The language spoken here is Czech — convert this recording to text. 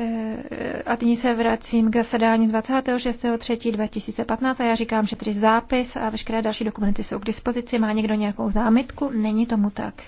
Eh, a nyní se vracím k zasedání 26.3.2015 a já říkám, že tedy zápis a veškeré další dokumenty jsou k dispozici. Má někdo nějakou zámitku? Není tomu tak.